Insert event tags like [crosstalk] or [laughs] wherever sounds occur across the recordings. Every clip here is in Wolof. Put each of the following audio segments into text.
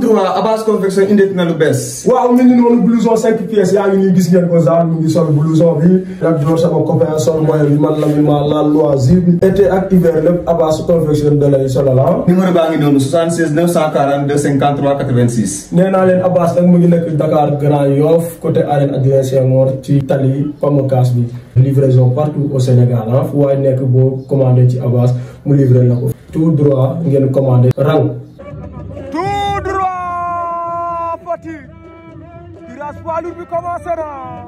tout droit Abass Confection indi na lu bees. waaw ñu ngi noonu blouson cinq pièces yaa ngi nii gis ngeen ko Zal mu ngi sol blouson bi. ak door sama copain sol mooy bi man la mi ma la loisir été ak hiver lépp Abass Confection da lay solal ah. baa ngi noonu 76 942 53 86. nee naa leen Abass nag mu nekk Dakar Grand Yoff côté arène Adrien Senghor ci tali Pamakaas bi. livraison partout au Sénégal ah. poids lourd bi commencé na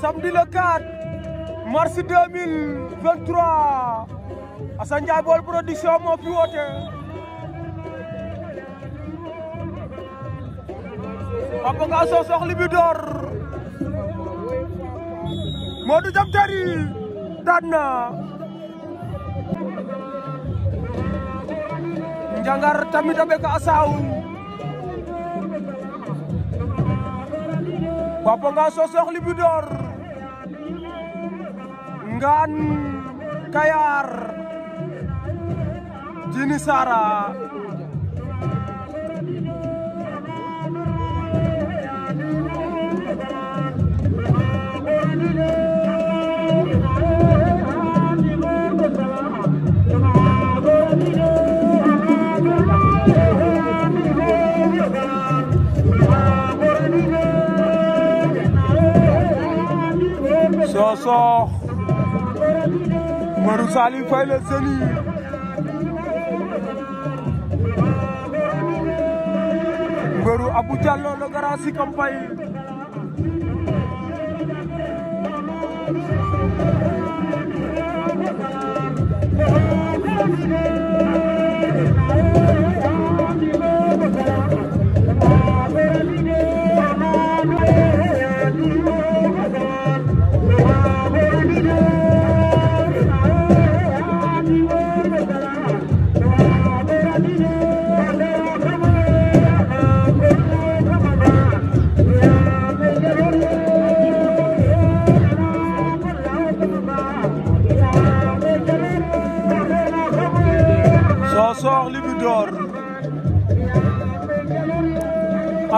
samedi le 4 mars 2023 Assane Ndiaye bol production mo fi woote Papa ka so Nga bi dor Modou jam Terry danna na Njangar tamit a ɓeka a Papa nga sosok Libidor Ngan Kayar jenis Sara Ziguinchor Modou Saliou Faye le Zénith Modou Abou Diallo le Grand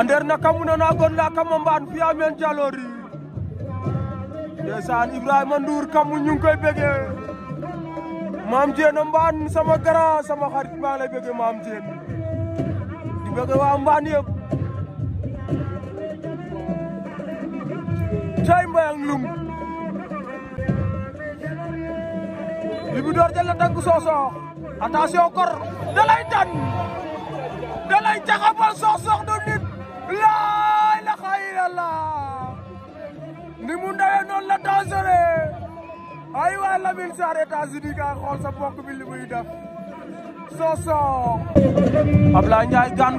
Ander na kamu na nagon la kamu mbaan fi amen jalori Desan Ibrahim Ndour kamu ñu ngi koy bëggee Maam mbaan sama gara sama xarit maa lay bëggee Maam Jéen di bege wa mbaan yëpp cay mbayang lum Ibu dor door jël la tànk soosoox attention kor tan da lay jaxabal soosoox noonu la dangereux ay waa Lamine Sarr États-Unis ka xool sa bokk bi li muy def Sokh Ablaye Ndiaye Gane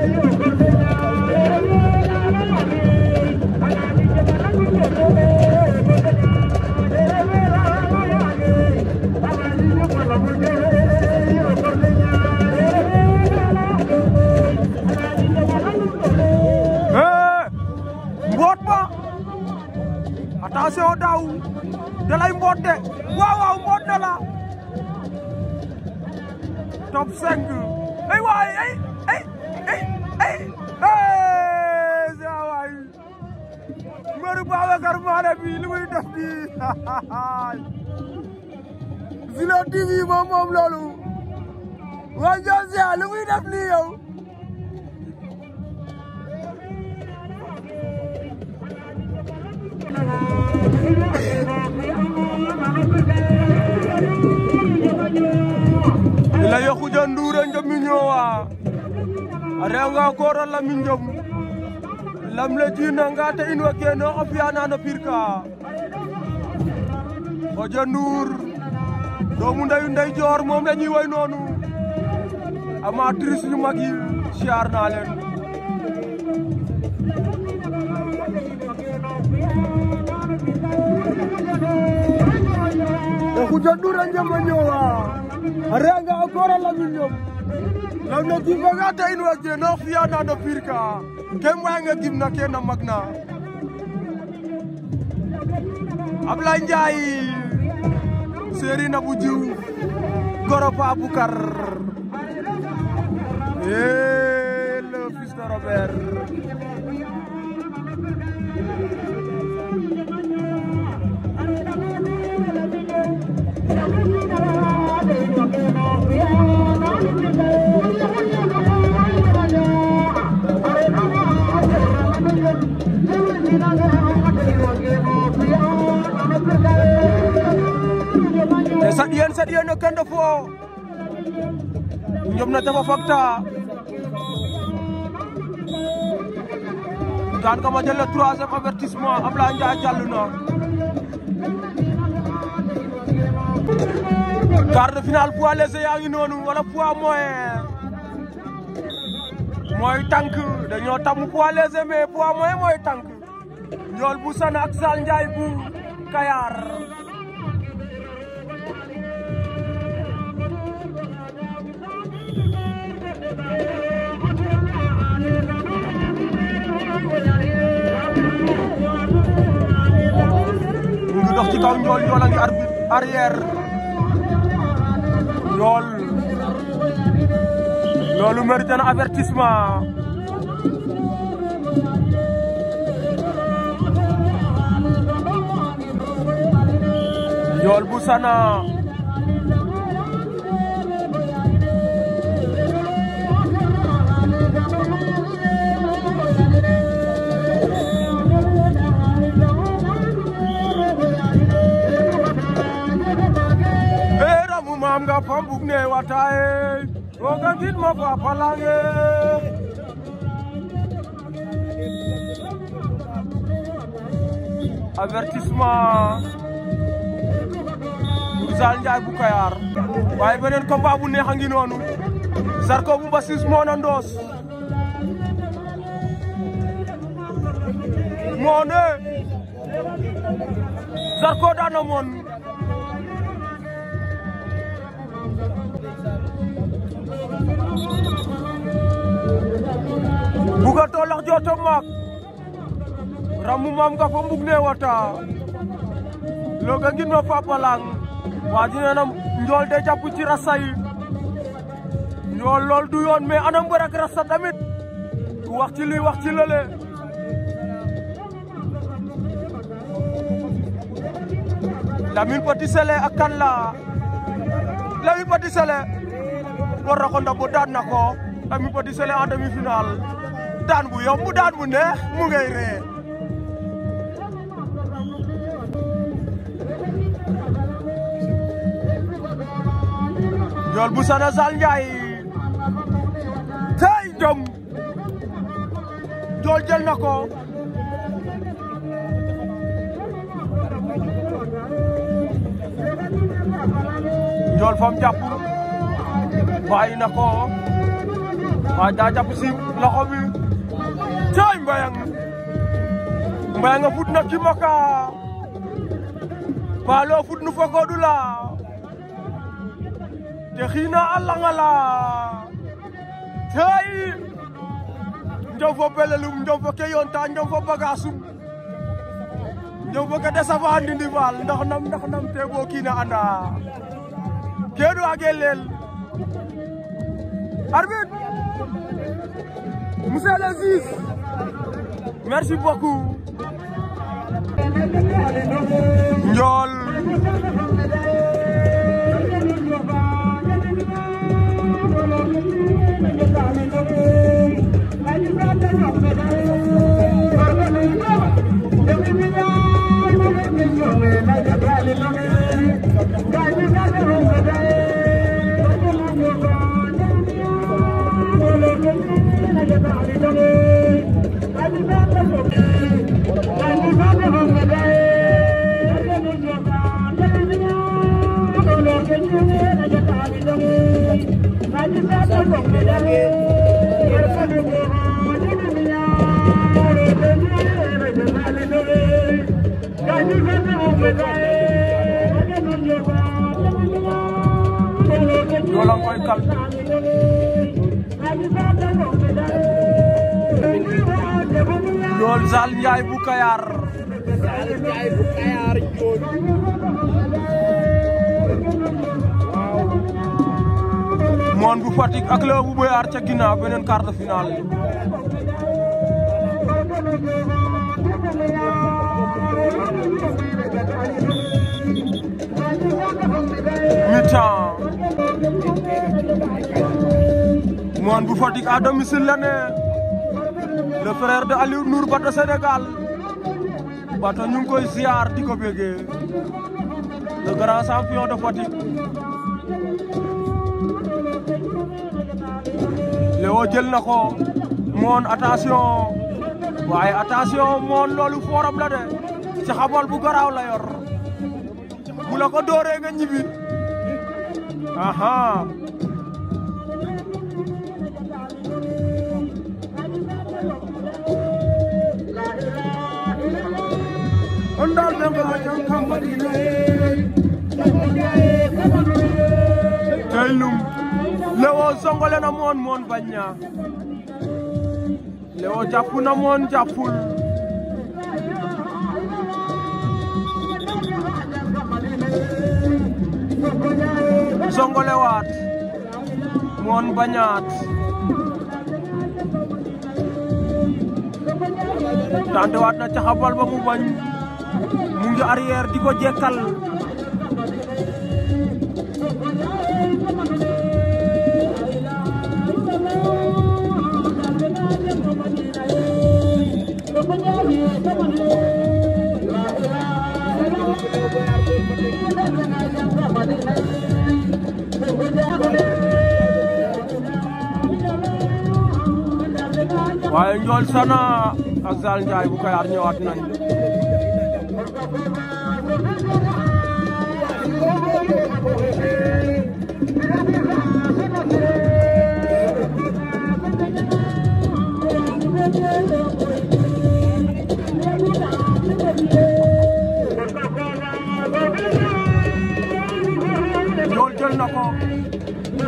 attention daaw da lay mboot de waaw waaw mboot na la top 5 ay waay ay ay ay ay saa waay mbëru Babacar Mané bi li muy def bi [laughs] Zilo TV moom moom loolu waa Ndiol Zia li muy def nii yow layo xuja nduure njom i ñoowa a refanga kooro lami njom lam le jiinanga te in wa keene o fi'ana piir ka xoja doomu ndeyu ndey joor moom la ñuy noonu amatrice ñu mag yi siyaar naa leen te xuja a njom a renga o kora lamin ñom lamna jifanga ta in wa jeno fiyana no pir ka ke moyanga gimna ke na magna Ablaye Ndiaye Serigne Abou Diouf Goro Pa Boucar et eh, le fils de saɗiyen saɗiyen o kende fo na tafa fakta gan kama jelle troisième avertissement abla ndia jalluna quart de finale poids léger yaa ngi noonu wala poids moyen mooy tànk dañoo tamu poids léger mais poids moyen mooy tànk ñool bu sana ak sal njaay bu kayaar kaw Ndiol Ndiol a ngi arrière loolu mérite na avertissement bu Sana mam nga pambuk ne wataye roga gid ma fa palange avertissement pour Zal Ndiaye bu Kayar waaye beneen combat bu neex a ngi noonu Zarko bu Mbasis moo na ndoos moo ne Zarko daan na moon buga tolax joto ramu mam nga fo mbug ne wata loga ngin ma papa lang waji nena njool de japu ci rasay du yoon mais anam mbër rasa tamit wax ci li wax ci lële la Lamine Petit Sélé war na na ko Lamine Petit Sélé en daan bu yomb bu neex mu ngay ree Sana Sall Ndiaye tey jom na ko Ndiol fam jàpp bàyyi na ko waaye daa si loxo bi cay mbayanga mbayanga futna cimaka paalo futnu fogodu la te xiina a langa la cay njom fo belelum njom fo ke yonta njom fo bagasum njom fo ke de safa faal ndax nam ndax nam te bo kiina anda keeɗo age leel arbitre monsieur le juge merci beaucoup. Ndiol. Thank you. Lola koy kal Lool Zal Njaay bu Kayaar Zal Njaay bu Kayaar an bu Fatick ak la bu Boyar ca ginnaaw beneen quart de finale mi-temps Moine bu Fatick à domicile la ne le frère de Aliou Nour Bata Sénégal Bata ñu koy ziar di ko bégee le grand champion de Fatick Léwo jël na ko moon attention waaye attention moon loolu fooram la de ci xabal bu garaaw la yor bu la ko dooree nga songole na moon moon bañña Léwo jàppu na moon jàppul songole moon bañaat tante na caxabal ba mu bañ mu ngi arrière di ko Zal Sana ak Zal Ndiaye bu Kayar ñëwaat nañ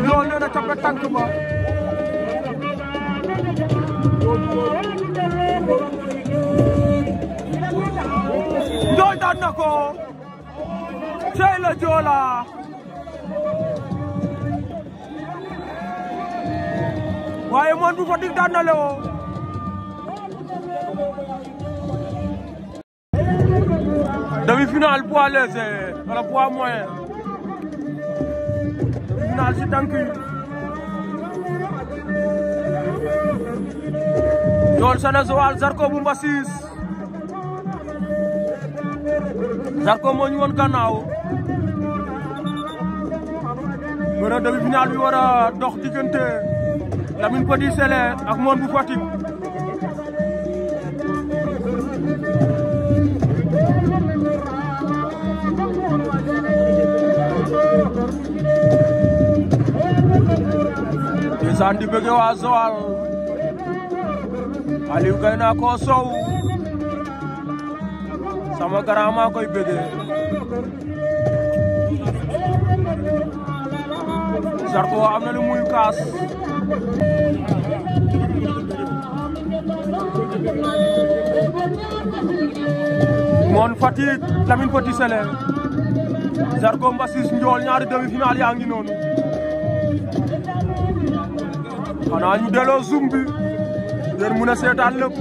loolu jël na ko Njool daan na ko cey la waaye moon bu Fatick daan na lewo demi-finale poids léger wala poids moyen demi-finale si tànk yi Njool Sana Joal Zarko bu Mbasis Zarko moo ñu woon gannaaw bëre demi-finale bi war a dox diggante Lamine Petit Sélé ak Mone bu Fatick desandi bëgg waa Joal Aliou Gayna ko sow sama grand maa koy bëggee Zarko am na lu muy kaas moon Fatick Lamine Petit Sélé Zarko Mbassis Ndiol ñaari demi-finale yaa ngi noonu xanaa ñu delloo zoom bi ngeen mën seetaan lépp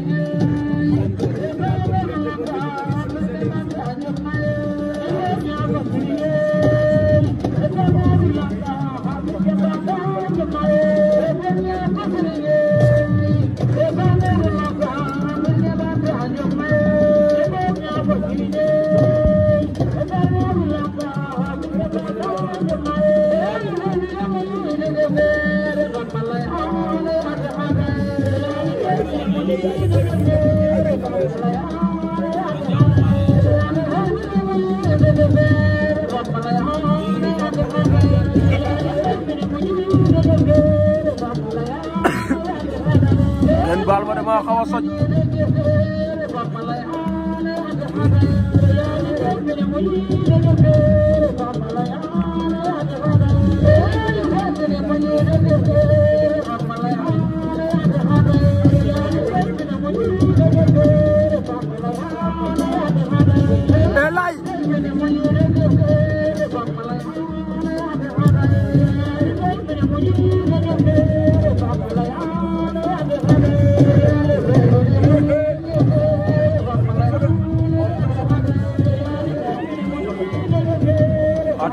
الانطلاقه وصد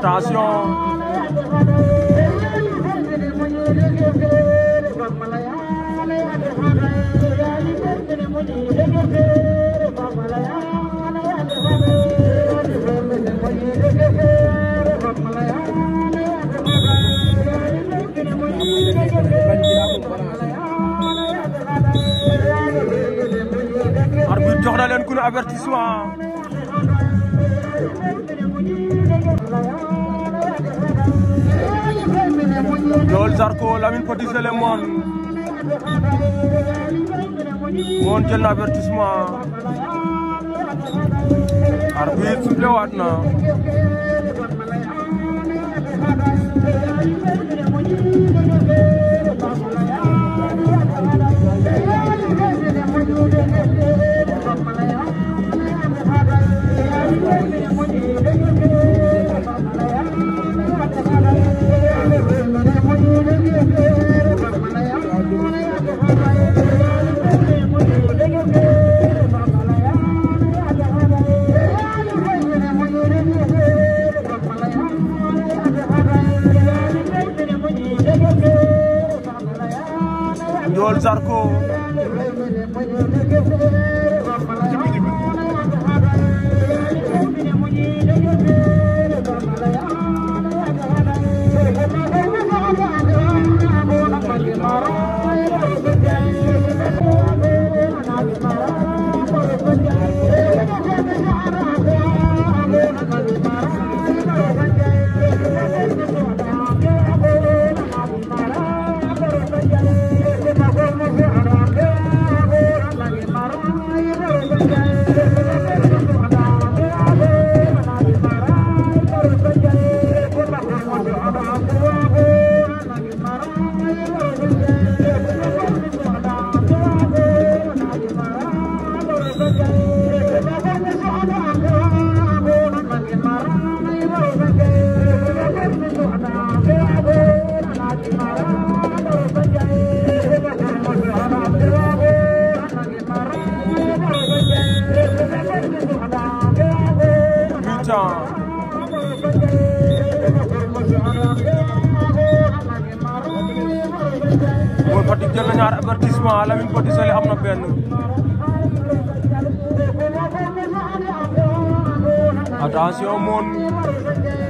attention arbitre jox na leen ku ne avertissement Ndiol Zarko Lamine Petit Sélé Moon Moon jël na avertissement arbitre sifflé waat na benn attention moon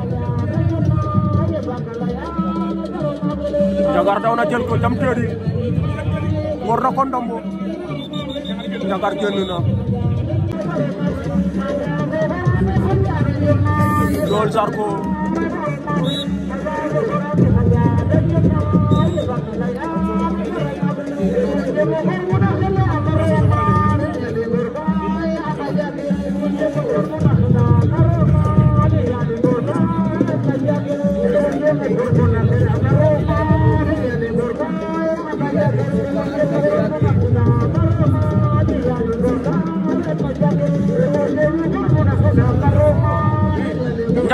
Ndiagar daw na jël ko jam teeri war na ko ndombo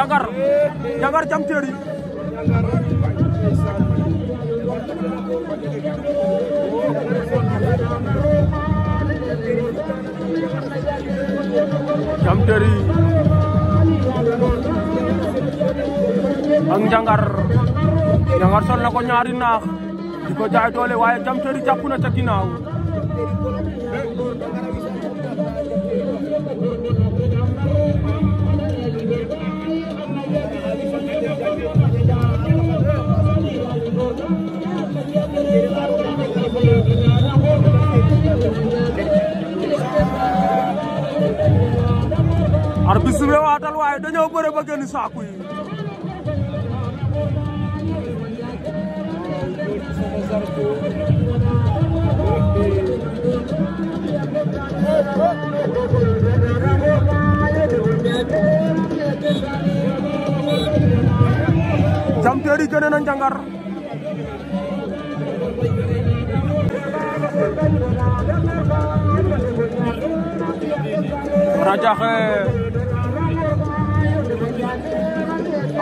jangar jangar jam teeri jam jangar jangar sol na ko ñaari naax di ko jaay doole waaye jam teeri jàpp na ca ginnaaw arbitre bi waatal waaye dañoo bëre ba génn saaku yi jam teeri gën na njangar rajaxe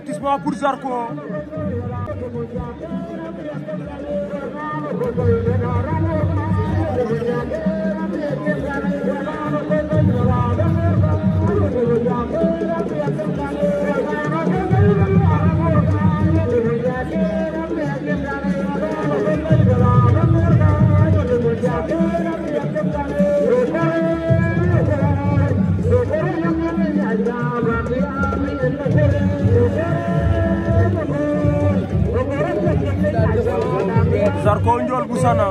avertissement pour Zarco Zarko Ndiol bu Sana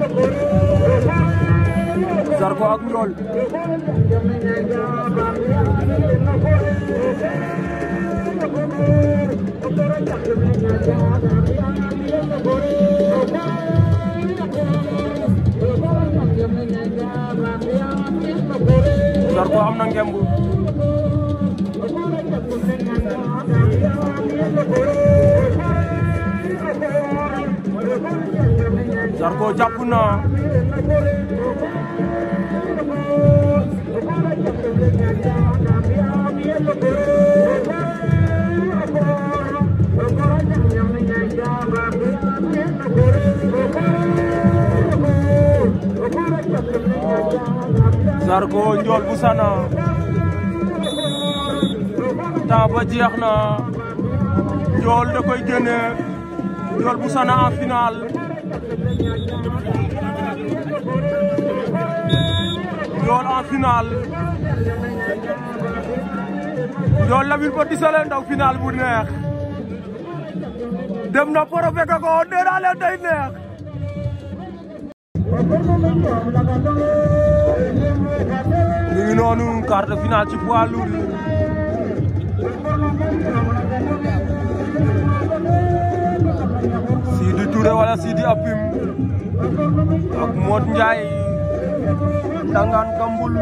Thank you. Zarko ak Ndiol Zarko am na ngemb Zarko jàpp na Zarko njool bu sana temps ba jeex na njool da koy génne njool bu sana en finale Ndiol en finale Ndiol Lamine Pod di sele ndaw finale bu neex dem na Poro fekk ko nee naa day neex. ñu noonu quart de ci poids lourd Sidi Touré wala Sidi Apim ak Modou Ndiaye. dengan kembul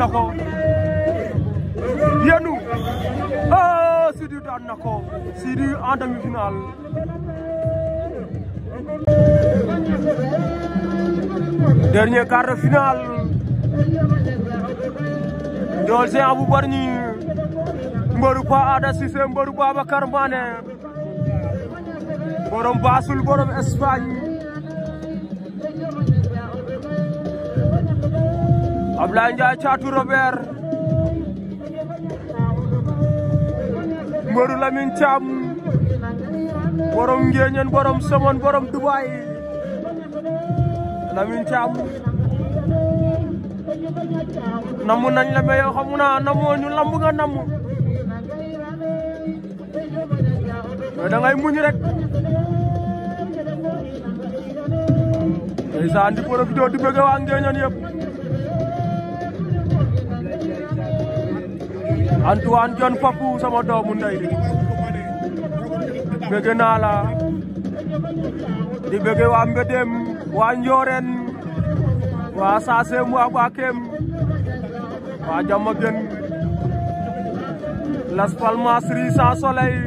Loco. Sidi en demi-finale. Dernier quart de finale. Dolce Abu Barni. Mbaru Pa Ada sisi Mbaru Babacar Mané. Borom Basul, Borom Espanye. Ablanja Chatu Robert Mbëru lamin Thiam borom Ngéeñeen borom somon borom dubai lamin Thiam namu nañ la mais xamuna namu ñu lamb nga namu da ngay muñ rek ay sa andi di profité di bëgg wa Ngéeñeen yëpp Antoine John papu sama daun ndey ini, bëgg naa la di bëgg waa Mbedem waa Njooreen waa Sasem waa Bakem waa Jamagen Las Palmas Risa Soleil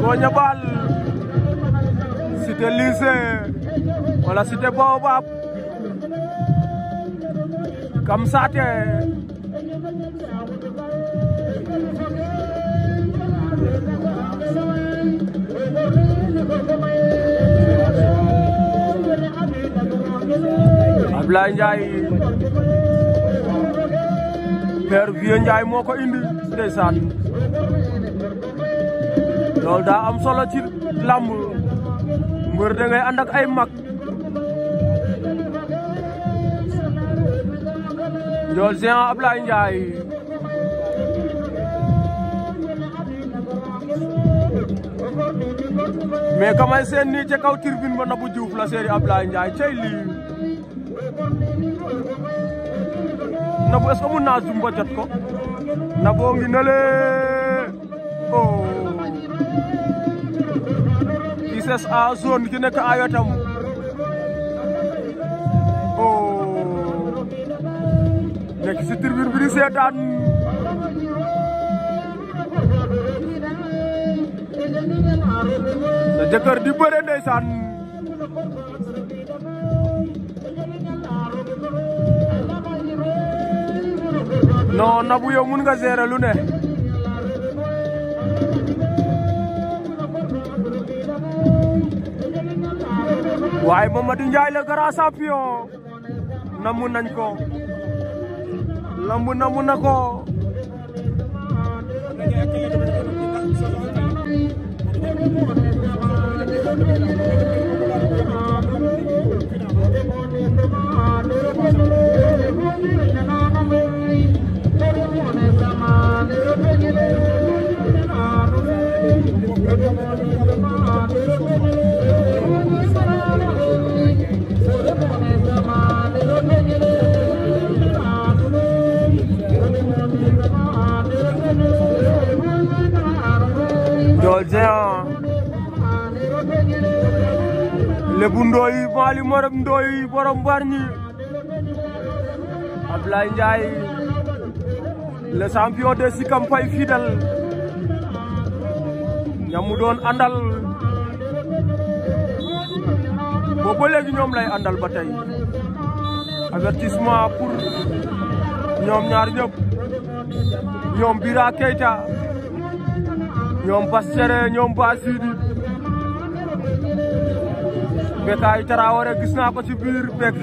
Konya Bal Cité wala Cité Kamsate Ablaye Ndiaye père Vieux Ndiaye moo ko indi ndeysaan loolu daa am solo ci làmb mbër da ngay ay mag Ndiol Géant Ablaye Ndiaye mais kamay seen nii ca kaw tribune ba Nabou Diouf la séeri Ablaye Ndiaye cey lii Nabou est-ce que naa jumba jot ko Nabou ngi nale oh Ciss a zone ki nekk a yotam oh nekk si tribune bi di seetaan sa jëkkër di bëre non Nabou yow mun nga gérer lu ne waaye Mamadou Ndiaye le grand champion namu nañ ko lambu namu na ko Thank you. Ozean Lebu Ndoye Mali Morom Ndoye borom Bargny Ablaye le champion de Sikam Faye Fidèle ñamu doon àndal ñoom lay àndal ba tey avertissement ñoom ñaar ñëpp ñoom Bira Keita ñoom Bass Théré ñoom Ba Sidi Bécaye Traoré gis naa ko ci biir Béc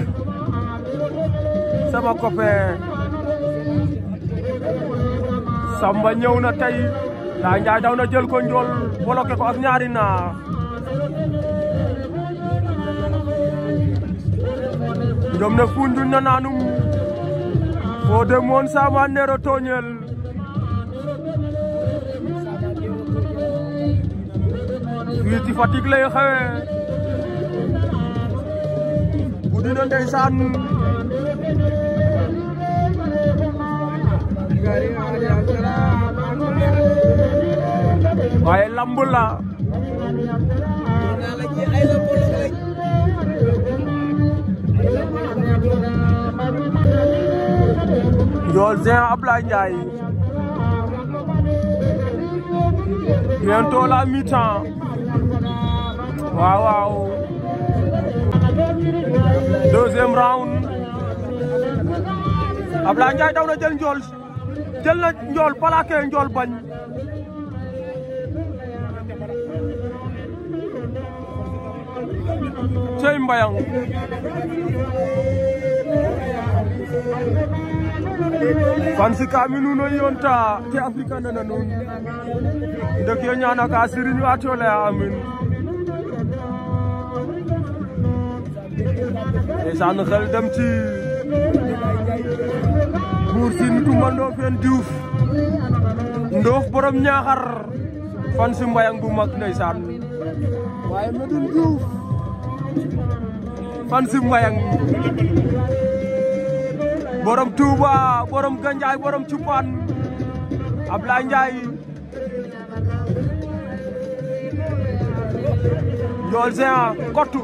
sama copain Samba ñëw na tey daa na jël ko njool ko ak ñaari naax ñoom ne fundun na naanum fo moon sama nero tooñel ci Fatick lay xewee bu di na ndeysaan lamb la Ndiol Géant Ablaye Ndiaye bientôt la mi waaw waaw deuxième round Ablaye Ndiaye daw jël njool jël njool bañ cey mbayang fan si ka mi nuno yonta ke afrika nana nun ndek yo ñana ka siriñu atole amin ndeysaan xel dem ci Buur Sine Coumba Ndoffène Diouf Ndoof borom ñaaxar fan si mbayang bu mag ndeysaan waaye Medoune Diouf fan si mbayang borom Touba borom Gandiaye borom Cupaan Ablaye Ndiaye Ndiol Géant Kottu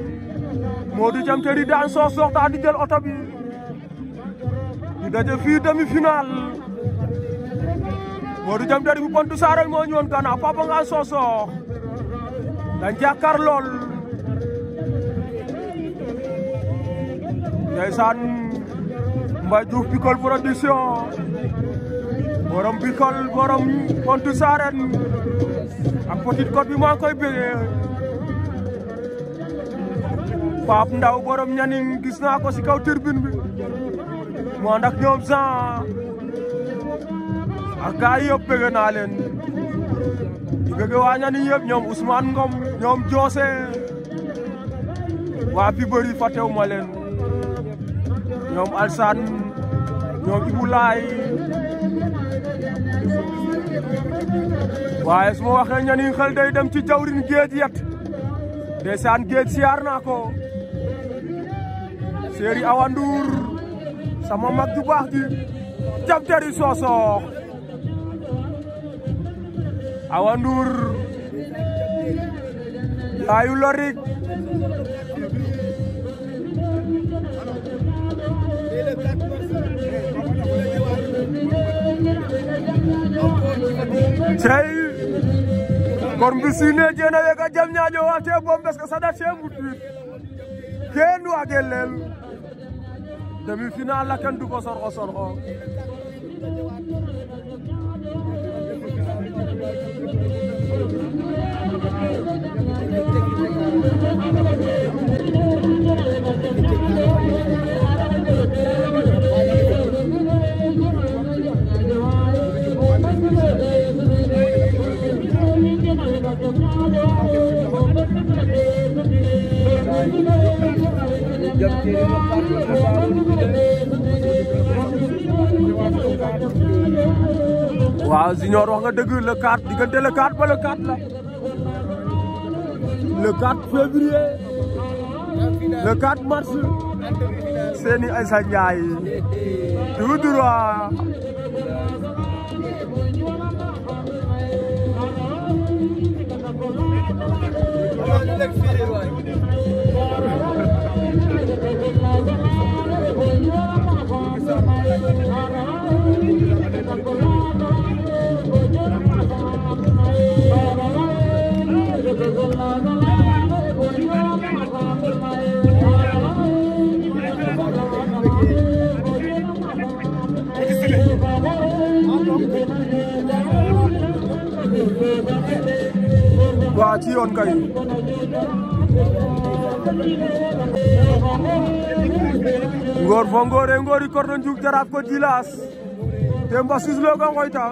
Modou Jam Terry daan so so daal di jël auto bi ñu dajé fi demi final Modou Jam Terry bu Pointe Sarène moo ñëwoon kana Papa Ngane Sokh Sokh dañ jàkkaar lool ndeysaan Mbaye Diouf Bikol production borom Bikol borom pontu Sarène ak Petite code bi mo koy Pape Ndaw borom ñaning gis naa ko si kaw turbine bi mu ànd ak ñoom Jean ak gars yëpp bëgg naa leen di bëgg waa ñoom Ousmane Ngom ñoom Joose waa bi bëri fàttewuma leen ñoom Alsane ñoom Ibou Laay waaye su ma waxee ñaning xel day dem ci jawrin géej yet ndeysaan géej siyaar naa ko Seri Awandur sama mag ju di jam dari sosok Awandur layu lorik Jai korbisine jena jamnya jawa ñaƴo wate bombes ko saɗa te gudduit demi-finale la kenn du ko sorxo sorxo Thank you. waaw Junior wax nga dëgg le 4 diggante le 4 ba le 4 la le 4 février le 4 mars seeni Aïssa Ndiaye tout droit waa ci yoon kay ngor fo ngore ngori korno njuk jaraaf ko jilas te mbasis lo ngoyta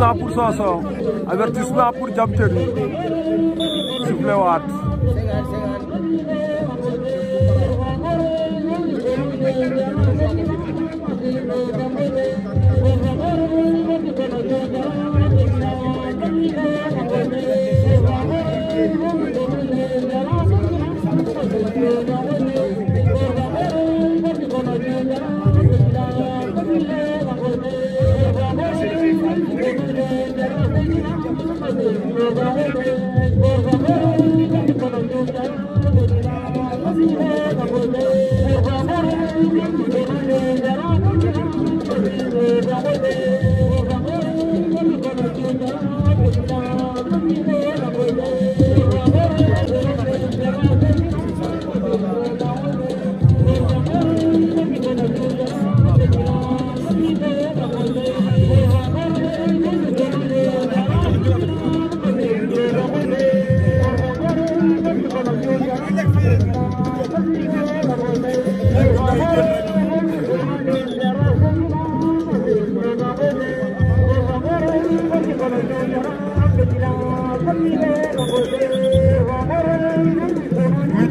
avertissement pour Sossokh avertissement pour Diam Terry sifflé waat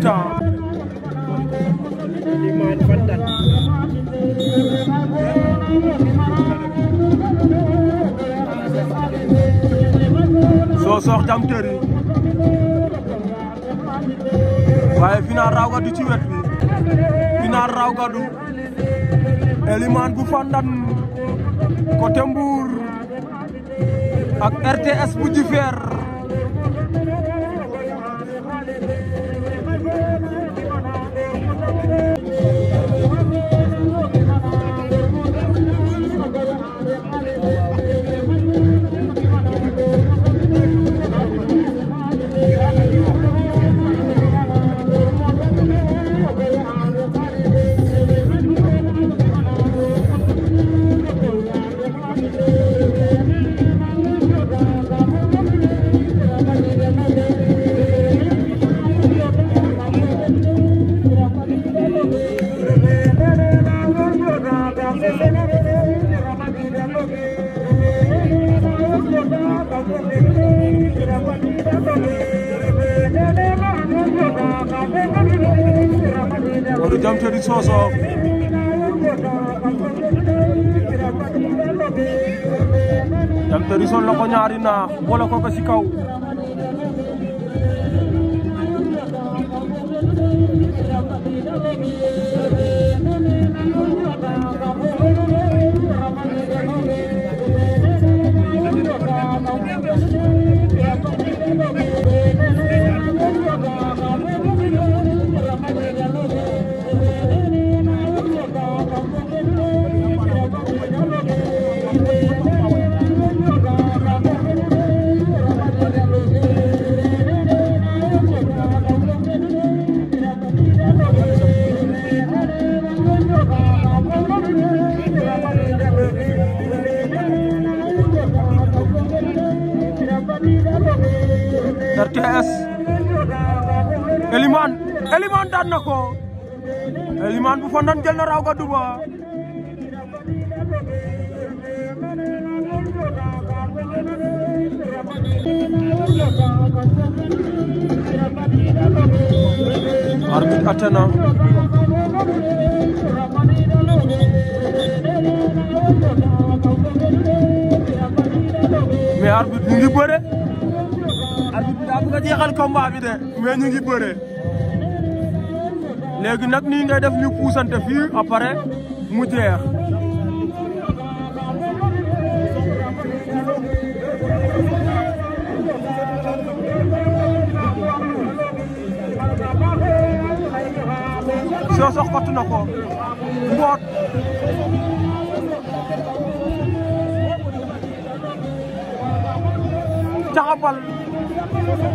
temps Elimane Fandane waaye final raw gadu ci wet bi final gadu Elimane bu Fandane côté Mbour ak RTS bu Jifeer jump to the source of jam teri sol ñaari na wala ko ko ci kaw Thank you. RTS Elimane Elimane daan na ko Elimane bu Fandane jël na raw gàddu ba na mais arbitre mu ngi bëre nga jeexal combat bi de mais ñu ngi léegi nag nii ngay def ñu puusante fii après mu jeex. soo sox xott na ko mboot caxabal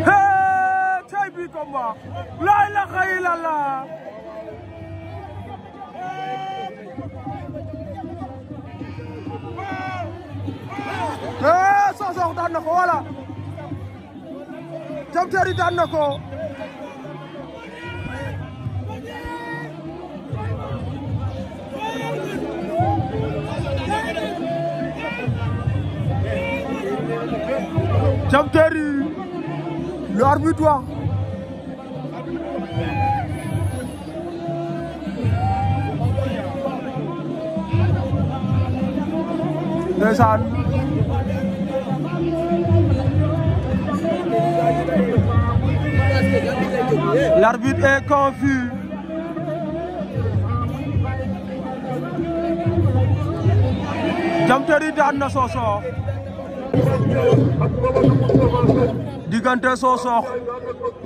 hee cay bi combat laa ilaaha illallaah hee Sokh daan na ko wala Diam Terry daan na ko Diam Terry L'arbitre, toi. doit. l'arbitre est confus Diam Terry daan na Sossokh diggante Sosokh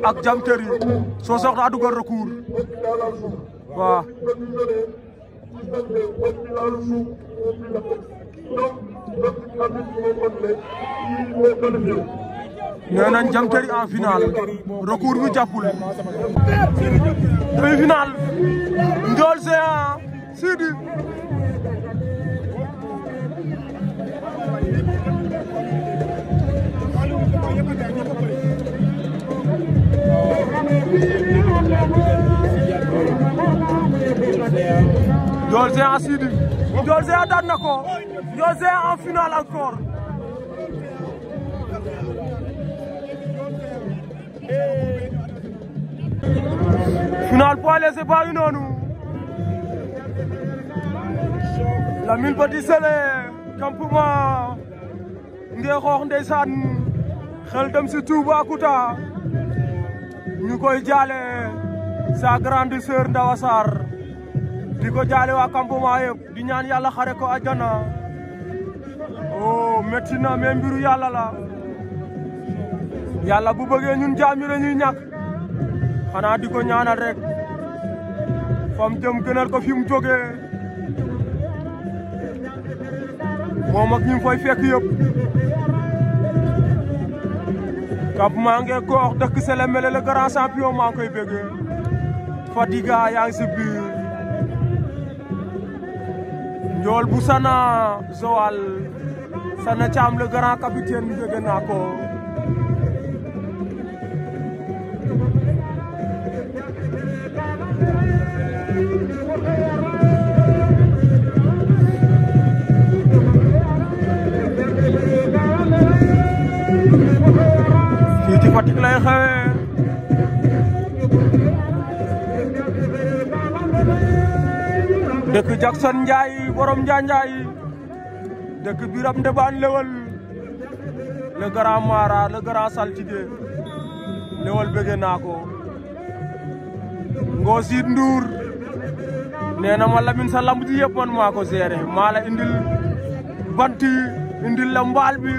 ak Diam Terry daa dugal recours waaw nee nañ Diam Terry en finale recours bi jàppul demi-finale Ndiol Géant Ndiol Géant Sidy Ndiol Géant daan na ko Ndiol Géant en finale encore finale poids léger baa ngi noonu Lamine Petit Sélé campement ngee xoox ndeysaan xel dem si Toubacouta ñu koy jaale sa grande sœur Ndawa di ko jaale waa campement yëpp di ñaan yàlla xare ko àjjana oh métti na mais mbiru yàlla la yàlla bu bëggee ñun jaam yi dañuy xanaa di ko ñaanal rek fam jëm gënal ko fi mu jógee moom ak ñi mu fay fekk yëpp kap maa ngi dëkk Sele Mele le grand champion bëggee Fadiga yaa ngi si Jool bu sana Joal Sana cham le grand capitaine jóge naa ko fii ci Fatick lay xewe dëkk Jackson Ndiaye borom Ndiaye dëkk Biram Ndebane Lewal le grand mara le grand saltige Lewal bëgg naa ko Ngosit Ndour nee na ma Lamine sa lamb ji yëpp man maa ko géré maa la indil bant indil la mbaal bi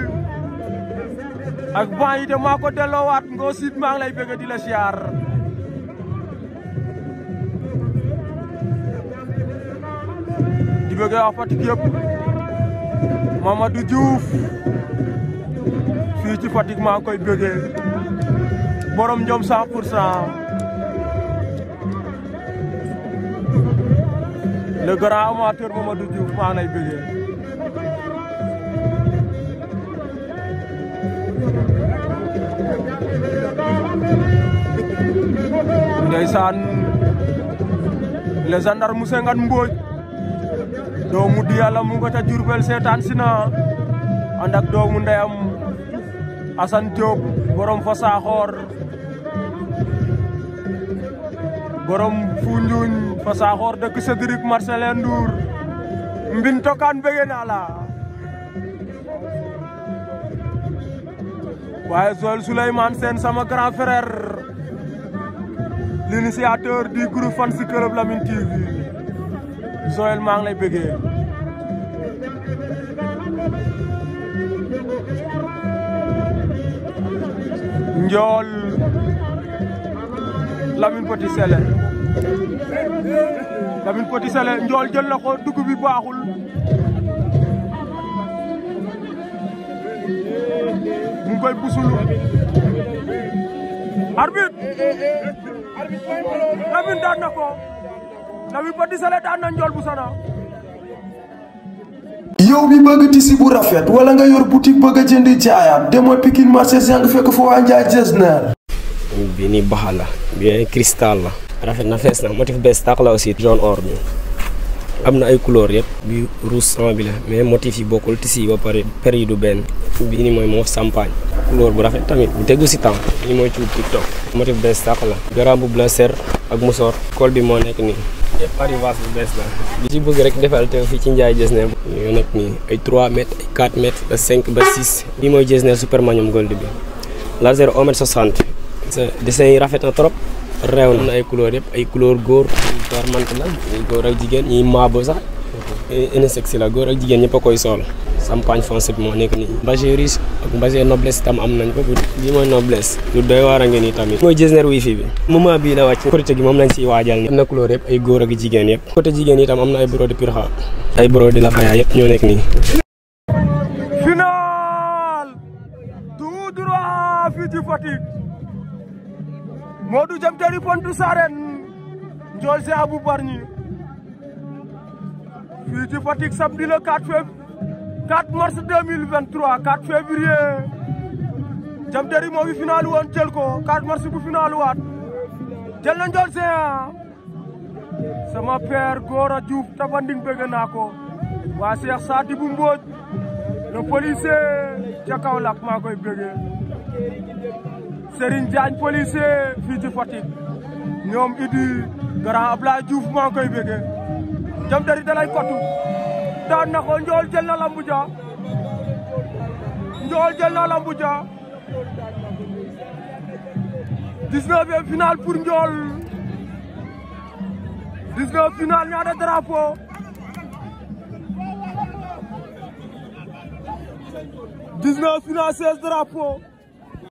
ak ban de maa ko delloowaat Ngosit maa ngi lay bëgg di la siyaar di apa wax mama yëpp Mamadou Diouf fii ci Fatick maa koy bëggee borom njom 100 pour cent le grand amateur Mamadou Diouf maa lay bëggee ndeysaan les gendarmes Sengane Mbodj doomu Diala mu ko ca jurbel seetaan si na ànd ak doomu ndeyam Assane Diop borom fa saaxoor borom Foundiougne fa saaxoor dëkk Cédric Marcelin Ndour mbin naa la waaye sama grand frère l'initiateur du groupe Fans Club lamine TV Joël maa ngi lay bëggee Njool Lamine Petit Sélé Lamine Petit Sélé Njool jël na ko dugub bi baaxul mu koy busulu arbitre Lamine daan na ko Lamin Petit Sélé daan na bu yow mi bëgg tisi bu rafet wala nga yor boutique bëgg a jënd jaayaat demo Pikine marché Zinc fekk fo waa Jesner oh, bi ni baxa bi ay cristal la rafet na fess na motif bes tak la aussi jaune or bi amna ay couleur yëpp bi rouge sang bi la mais motif yi bokul tissu ba paré peri du ben bi ni moy mo champagne couleur bu rafet tamit bu tegu ci tam ni moy ci tiktok motif bes tak la garam bu blaser ak musor col bi mo nek ni pariwaas bu bees la. li ci bëgg rek defal te fii ci Ndiaye Jesner. ñu nag nii ay 3 mètres ay 4 mètres ba 5 ba 6. lii mooy Jesner Supermanium Gold bi. la 1 mètre 60. sa dessin yi rafet na trop. reew na ay couleur yëpp ay couleur góor. ñuy dormant la ñuy góor ak jigéen ñuy maabo sax. unisexe eh, la góor ak jigéen ñëpp a koy sol champagne foncé bi moo nekk nii mbagé riche ak mbagé noblesse tam am nañ ko lii mooy noblesse lu doy waar a ngi nii tamit mooy designer bii la wàcc côté gi moom lañ siy waajal ni am na couleur yëpp ay góor ak jigéen yëpp côté jigéen yi tam am na ay brode pirxa ay brode la faya yëpp ñoo nekk nii final tout droit fii ci Fatick Modou Jam Teri Pointe Sarène Ndiol Abou Bargny fii ci Fatick samedi le 4 fév 4 mars 2023 4 février Diam Terry moo fi final woon jël ko 4 mars bu final waat jël na Ndiol Géant sama père Gora Diouf tafanding bëgg naa ko waa Cheikh Sadibou Mbodj le policier ca Kaolack maa koy bëggee Serigne Diagne policier fii ci Fatick Idi grand Ablaye Diouf maa koy bëggee Diam Terry dalay kottu daan na ko Ndiol jël na lambu ja Ndiol jël na lambu ja 19e finale pour Ndiol 19 finale ñaata drapeau 19 finale 16 drapeau